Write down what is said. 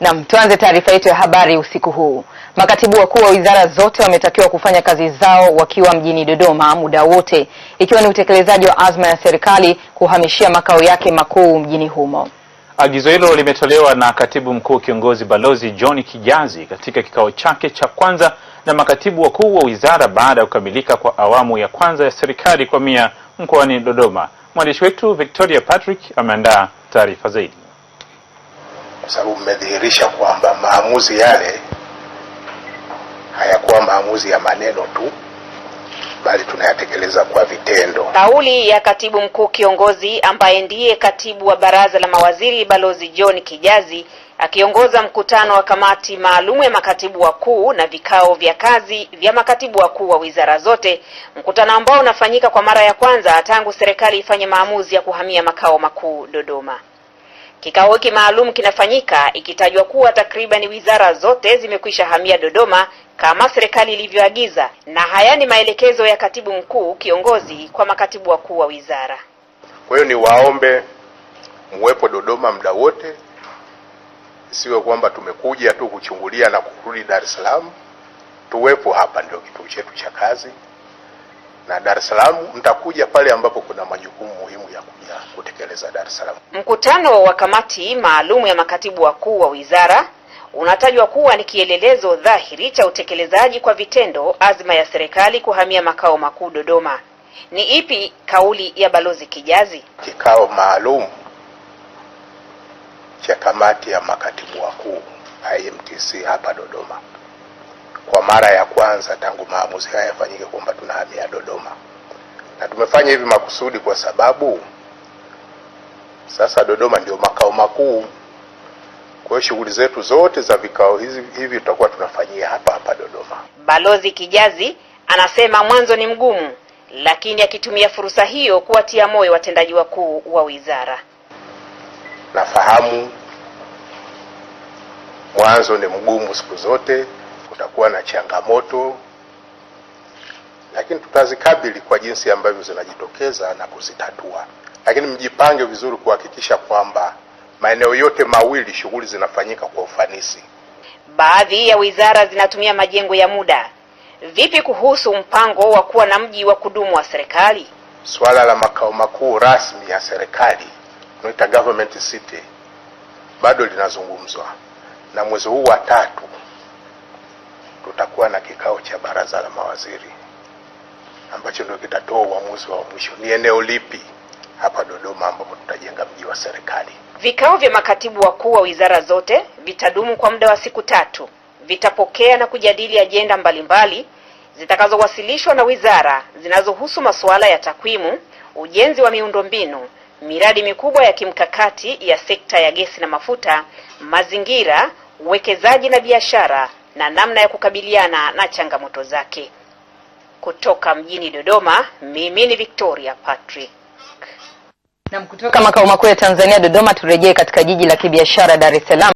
Nam, tuanze taarifa yetu ya habari usiku huu. Makatibu wakuu wa wizara zote wametakiwa kufanya kazi zao wakiwa mjini Dodoma muda wote, ikiwa ni utekelezaji wa azma ya serikali kuhamishia makao yake makuu mjini humo. Agizo hilo limetolewa na katibu mkuu kiongozi Balozi John Kijazi katika kikao chake cha kwanza na makatibu wakuu wa wizara baada ya kukamilika kwa awamu ya kwanza ya serikali kwa mia mkoani Dodoma. Mwandishi wetu Victoria Patrick ameandaa taarifa zaidi kwa sababu mmedhihirisha kwamba maamuzi yale hayakuwa maamuzi ya maneno tu bali tunayatekeleza kwa vitendo. Kauli ya katibu mkuu kiongozi ambaye ndiye katibu wa baraza la mawaziri Balozi John Kijazi akiongoza mkutano wa kamati maalum ya makatibu wakuu na vikao vya kazi vya makatibu wakuu wa wizara zote, mkutano ambao unafanyika kwa mara ya kwanza tangu serikali ifanye maamuzi ya kuhamia makao makuu Dodoma. Kikao hiki maalum kinafanyika ikitajwa kuwa takriban wizara zote zimekwisha hamia Dodoma kama serikali ilivyoagiza, na haya ni maelekezo ya katibu mkuu kiongozi kwa makatibu wakuu wa wizara. Kwa hiyo niwaombe muwepo Dodoma muda wote, siwe kwamba tumekuja tu kuchungulia na kurudi Dar es Salaam. Tuwepo hapa, ndio kituo chetu cha kazi, na Dar es Salaam mtakuja pale ambapo kuna majukumu muhimu ya kuja kutekeleza Dar es Salaam. Mkutano wa kamati maalum ya makatibu wakuu wa wizara unatajwa kuwa ni kielelezo dhahiri cha utekelezaji kwa vitendo azma ya serikali kuhamia makao makuu Dodoma. Ni ipi kauli ya Balozi Kijazi? Kikao maalum cha kamati ya makatibu wakuu IMTC hapa Dodoma kwa mara ya kwanza tangu maamuzi haya yafanyike kwamba tunahamia Dodoma, na tumefanya hivi makusudi kwa sababu sasa Dodoma ndio makao makuu, kwa hiyo shughuli zetu zote za vikao hizi hivi tutakuwa tunafanyia hapa hapa Dodoma. Balozi Kijazi anasema mwanzo ni mgumu, lakini akitumia fursa hiyo kuwatia moyo watendaji wakuu wa wizara. Nafahamu mwanzo ni mgumu, siku zote kutakuwa na changamoto, lakini tutazikabili kwa jinsi ambavyo zinajitokeza na kuzitatua lakini mjipange vizuri kuhakikisha kwamba maeneo yote mawili shughuli zinafanyika kwa ufanisi. Baadhi ya wizara zinatumia majengo ya muda. Vipi kuhusu mpango wa kuwa na mji wa kudumu wa serikali? swala la makao makuu rasmi ya serikali tunaita government city bado linazungumzwa, na mwezi huu wa tatu tutakuwa na kikao cha baraza la mawaziri ambacho ndio kitatoa uamuzi wa mwisho ni eneo lipi hapa Dodoma ambapo tutajenga mji wa serikali. Vikao vya makatibu wakuu wa wizara zote vitadumu kwa muda wa siku tatu, vitapokea na kujadili ajenda mbalimbali zitakazowasilishwa na wizara zinazohusu masuala ya takwimu, ujenzi wa miundombinu, miradi mikubwa ya kimkakati ya sekta ya gesi na mafuta, mazingira, uwekezaji na biashara na namna ya kukabiliana na changamoto zake. Kutoka mjini Dodoma, mimi ni Victoria Patrick. Na kutoka makao makuu ya Tanzania Dodoma, turejee katika jiji la kibiashara Dar es Salaam.